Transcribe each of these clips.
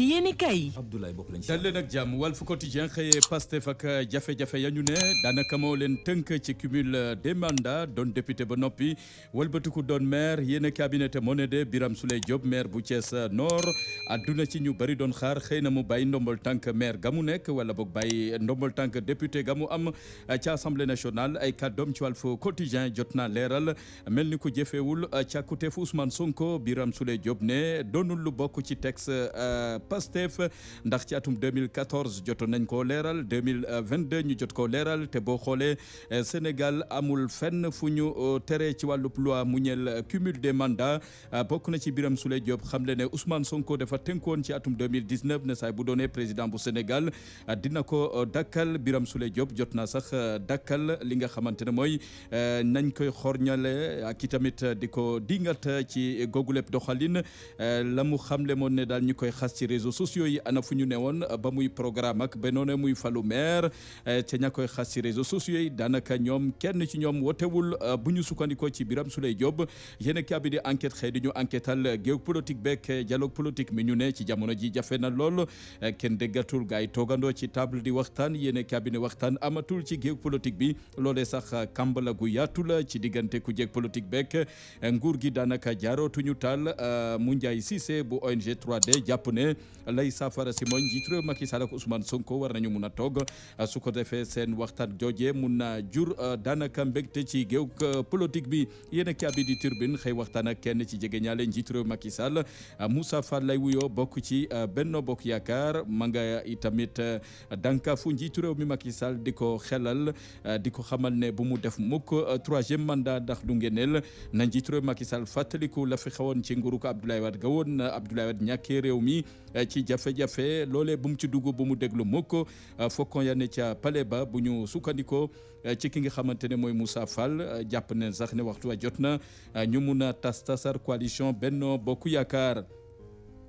ci yéeni kay Abdoulaye Bopp lañ dal leen ak jàmm Walf Quotidien xëyee Pastef ak jafe-jafe ya ñu ne daanaka moo leen tënk ci cumul des doon député ba noppi walbatuku doon maire yéen cabinet moo ne de Birame Souleye Diop maire bu Thiès Nord adduna ci ñu bari doon xaar xëy na mu bàyyi ndombol tànk maire ga mu nekk wala boog bàyyi ndombol tànk député ga mu am ca assemblée nationale ay kaddoom ci Walf Quotidien jot naa leeral mel ni ku jëfewul càkkuteefu Ousmane Sonko Birame Souleye Diop ne doonul lu bokk ci texte euh, Pastef ndax ci atum 2014 jotoon nañ koo leeral 2022 ñu jot ko leeral te boo xoolee eh, Sénégal amul fenn fu ñu eh, tere ci wàllu loi mu ñeel cumul des mandats eh, bokk na ci biram Souleye Diop xam le ne Ousmane Sonko dafa tënkoon ci atum 2019 ne saay bu doonee président bu Sénégal dina ko dakkal Birame Souleye Diop jot na sax dakkal li nga xamante ne mooy nañ koy xorñale ak itamit di ko dingat ci googu lépp doxalin la mu xamle moon ne daal ñu koy xas ci réseaux sociaux yi ana fu ñu newoon ba muy programme ak ba noonu muy falu maire eh, ca ña koy xas ci réseaux sociaux yi daanaka ñoom kenn ci ñoom wotewul eh, bu ñu sukkandikoo ci Birame Souleye Diop yéen ka bi di enquête xëy ñu enquêtal géew politique beeg dialogue politique mi ñu ne ci jamono ji jafe na lool eh, kenn déggatul gaay toogandoo ci table di waxtaan yéen ka waxtaan amatul ci géew politique bi loole sax kambala gu ci diggante ku jeeg politique beeg nguur gi daanaka jaarootuñu taal mu Ndiaye Cissé bu ONG jàpp ne lay saafara si mooy njiit réew Macky Sall ak Ousmane Sonko war nañu mun a toog euh, su ko defee seen waxtaan joojee mun na jur euh, daanaka mbegte ci géew euh, politique bi yéen a kii di xëy waxtaan ak kenn ci jege ñaale njiit réew Macky Sall Moussa Fall lay wuyoo bokk ci Benno Bokk Yaakaar ma nga itamit dankafu njiit réew mi Macky Sall di ko xelal di ko xamal ne bu mu def mukk troisième mandat ndax du ngeneel na njiit réew Macky Sall fàttaliku la fi xewoon ci nguuru ko Abdoulaye Wade ga woon Abdoulaye Wade ñàkkee réew mi Eh, ci jafe-jafe loolee bu mu ci dugg bu mu déglu mukk eh, fokkon ya ca pale ba bu ñu sukkandikoo eh, ci ki nga xamante ne mooy Moussa Fall jàpp ne sax ne waxtu wa jot na ñu mun a tas tasar coalition Benno Bokk Yaakaar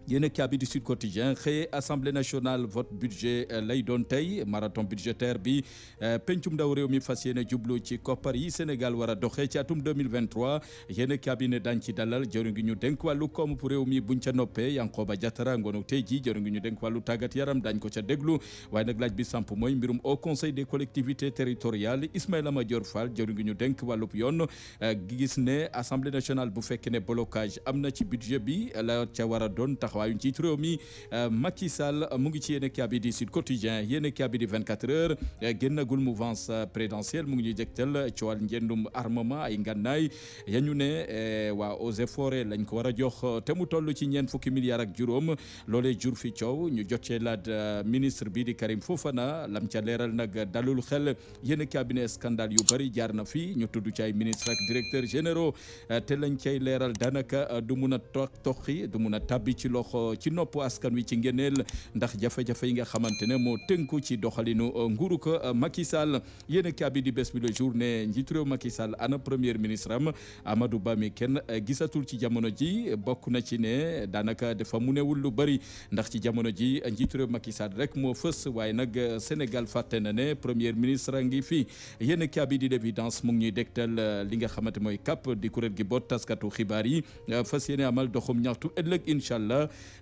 yéen a kaabi du Sud Quotidien xëye assemblée nationale vote budget euh, lay doon tey marathon budgétaire bi euh, pencum ndaw réew mi fas yéene jublu ci koppar yi Sénégal war a doxee ci atum 2023 yéen a kaabi ne daañ ci dalal jëriñu ñu dénk wàllu koom réew mi buñ ca noppee Yankhoba Diattara ngoonu tey ji jëriñu ñu dénk wàllu tàggat yaram daañ ko ca déglu waaye nag laaj bi samp mooy mbirum o conseil des collectivités territoriales Ismaïla Madior Fall jëriñu ñu dénk wàllub yoon euh, gis ne assemblée nationale bu fekkee ne blocage am na ci budget bi la ca war a doon taxawaayu njiitu réew mi euh, Macky Sall euh, mu ngi ci yéen kabi di Sud Quotidien yéen kabi di 24 heures euh, génnagul mouvance présidentielle mu ngi ñuy jégtal coowal njëndum armement ay ngannaay ya ñu ne waa eaux et forêts lañ ko war a jox te mu toll ci ñeent fukki milliards ak juróom loolee jur fi coow ñu jot cee laaj ministre bi di Karim Fofana lam ca leeral nag dalul xel yéen cabinet scandale yu bari jaar na fi ñu tudd ci ay ministre ak directeur généraux te lañ cay leeral daanaka du mun a toxi du mun a tabbi ci loolu loxo ci nopp askan wi ci ngeneel ndax jafe-jafe yi nga xamante ne moo tënku ci doxalinu nguuru ko Macky Sall yéen a kaabi di bés bi le jour ne njiitu réew Sall ana premier ministre am Amadou Ba mi kenn gisatul ci jamono ji bokk na ci ne daanaka defa mu newul lu bëri ndax ci jamono ji njiitu réew Macky rek moo fës waaye nag Sénégal fàtte na ne premier ministre a ngi fi yéen kaabi di l'évidence mu ngi ñuy dégtal li nga xamante mooy CAP di kuréel gi boot taskatu xibaar yi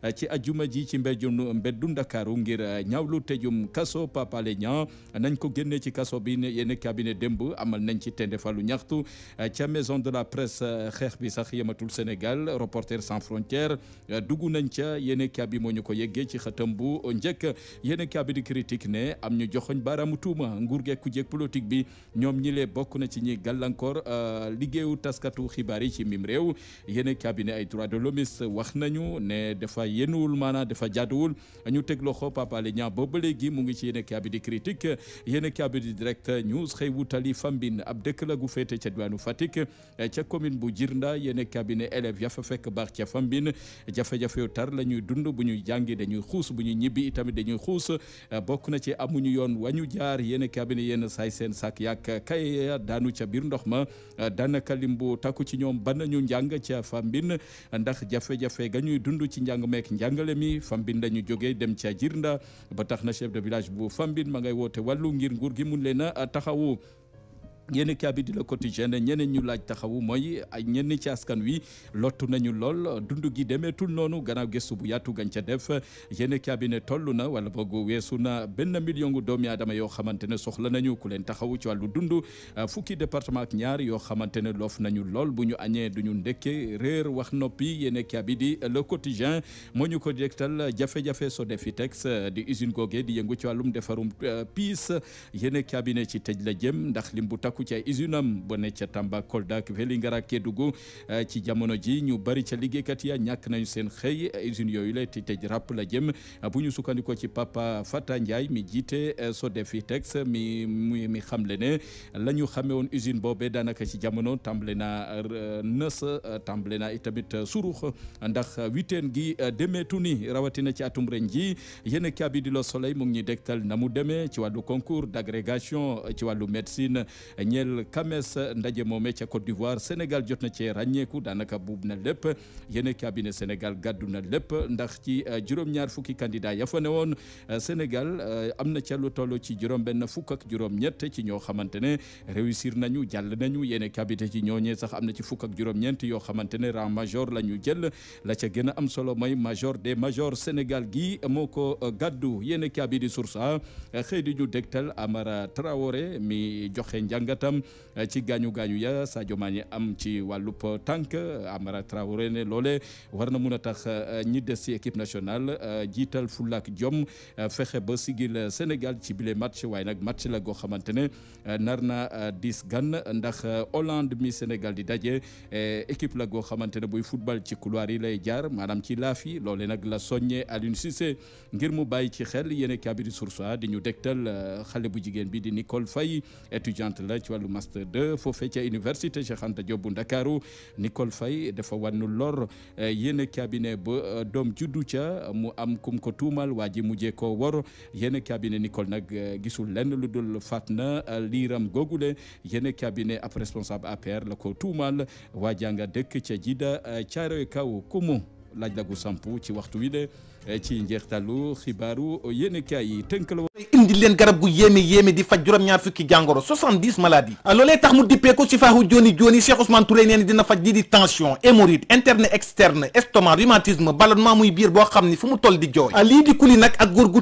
Eh, ci ajuma ji ci mbéjum mbeddum Ndakaaru ngir eh, ñaawlu tëjum kaso Pape ña nañ ko génne ci kaso bi yéen cabinet demb amal nañ ci tendefalu ñaxtu eh, ca maison de la presse xeex bi sax yematul Sénégal Reporters sans frontières dugg nañ ca yéen cabinet moo ñu ko yeggee ci xëtam bu njëkk yéen cabinet critique ne am ñu joxoñ baaraamu tuuma nguur geeg ku jeeg bi ñoom ñi lee bokk na ci ñi gàllankoor liggéeyu taskatu xibaar yi ci mim réew yéen cabinet ay droits de l'homme wax nañu dafa yenuwul maanaam dafa jaaduwul ñu teg loxo Pape Alé Niang ba ba léegi mu ngi ci yéen a bi di critique yéen a bi di direct news xëy wutali Fambine ab dëkk la gu féete ca diwaanu Fatick ca commune bu Jirnda yéen a bi ne élèves ya fekk baax ca Fambine jafe-jafe yu tar la ñuy dund bu ñuy jàngi dañuy xuus bu ñuy ñibbi itamit dañuy xuus bokk na ci amuñu yoon wañu jaar yéen a bi ne yéen saay seen sak yàq kay daanu ca biir ndox ma daanaka limbu takku ci ñoom ban ñu njàng ca Fambine ndax jafe-jafe njàng meek njàngale mi fam la ñu jógee dem ca ba tax na chef de village bu Fambine ma ngay woote wàllu ngir ngur gi mun leen a taxawu yéen kaa bi di la quotidien ne ñeneen ñu laaj taxawu mooy ay ñenn ci askan wi lottu nañu lool dund gi demeetul noonu gannaaw gëstu bu yaatu gañ ca def yéen kaa bi ne toll na wala boog weesu na benn million gu doomi aadama yoo xamante ne soxla nañu ku leen taxawu ci wàllu dund ah, fukki département ak ñaar yoo xamante ne loof nañu lool bu ñu añee du ñu ndekke réer wax noppi yéen kaa bi di le quotidien moo ñu ko jegtal jafe-jafe Sodefitex di usine googe di yëngu ci wàllum defarum ah, piis yéen kaa ci tëj la jëm ndax sàkku ci ay usine am ba ne ca Tamba Kolda ak Vélingara Kédougou eh, ci jamono ji ñu bari ca liggéeykat ya ñàkk nañu seen xëy eh, usine yooyu la te tëj rapp la jëm eh, bu ñu sukkandikoo ci Papa Fata Ndiaye mi jiite Sodefitex mi mi xamle ne la ñu xamee woon usine boobe daanaka ci jamono tàmbale na nës tàmbale na itamit surux ndax witeen gi demeetu ni rawatina ci atum ren ji yéen kabi di Le Soleil mu ngi ñuy dégtal na mu demee ci wàllu concours d'agrégation ci wàllu médecine ñeel kames ndaje moome ca Côte d'Ivoire Sénégal jot na cee ràññeeku daanaka buub na lépp yéen cabinet Sénégal gàddu na lépp ndax ci euh, juróom-ñaar fukki candidat ya fa woon euh, Sénégal euh, am na ca lu toll ci juróom-benn fukk ak ci ñoo xamante ne réussir nañu jàll nañu yéen cabinet ci ñooñee sax am na ci fukk ak juróom-ñeent yoo xamante ne rang major la ñu jël la ca gën a am solo mooy major de majors Sénégal gi moo ko gàddu yéen cabinet Source A xëy di ñu dégtal Amara Traoré mi joxe njàngat tam eh, ci gaañu gaañu ya Sadio Mané am ci wàllub eh, tànk eh, Amara Traoré ne loole war na mun a tax ñi des ci équipe nationale jiital fulaak jom fexe ba sigil Sénégal ci bile match waaye nag match la goo xamante ne nar na dis gan ndax Hollande mi Sénégal di daje équipe la goo xamante ne buy football ci couloir yi lay jaar maanaam ci laaf yi loole nag la soññee Aliou Cissé ngir mu bàyyi ci xel yéen a kaabiri Source di ñu dégtal xale bu jigéen bi di Nicole fay étudiante ci wàllu master 2 foofee ca université Cheikh Anta Diop bu Ndakaaru Nicole Faye dafa wànnu lor eh, yéen cabinet ba eh, doom juddu ca mu am kum ko tuumal waa ji mujjee ko wor yéen cabinet Nicole nag eh, gisul lenn lu dul faat na liiram googule yéen cabinet ab responsable APR la ko tuumal waa janga dëkk ca jida caaroy kaw kumu laaj lagu samp ci waxtu wi de ci ah, loolee tax mu dippee ko sifaahu jooni jooni Cheikh Ousmane Touré nee dina faj di tension hémorroïde interne externe estomac rhumatisme ballonnement muy biir boo xam ni fu mu toll di jooy ah, lii di kuli nag ak góor gu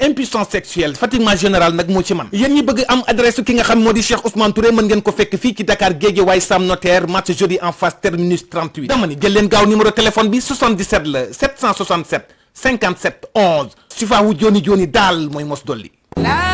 impuissance sexuelle fatiguement générale nag moo ci man yéen ñi bëgg am adresse ki nga xam moo di Cheikh Ousmane Touré mën ngeen ko fekk fii ci Dakar Guédiawaye Sam Notaire match jeudi en face terminus 38 dama ni jël leen gaaw 57 11 Sufa wu joni joni daal mooy mos dolli.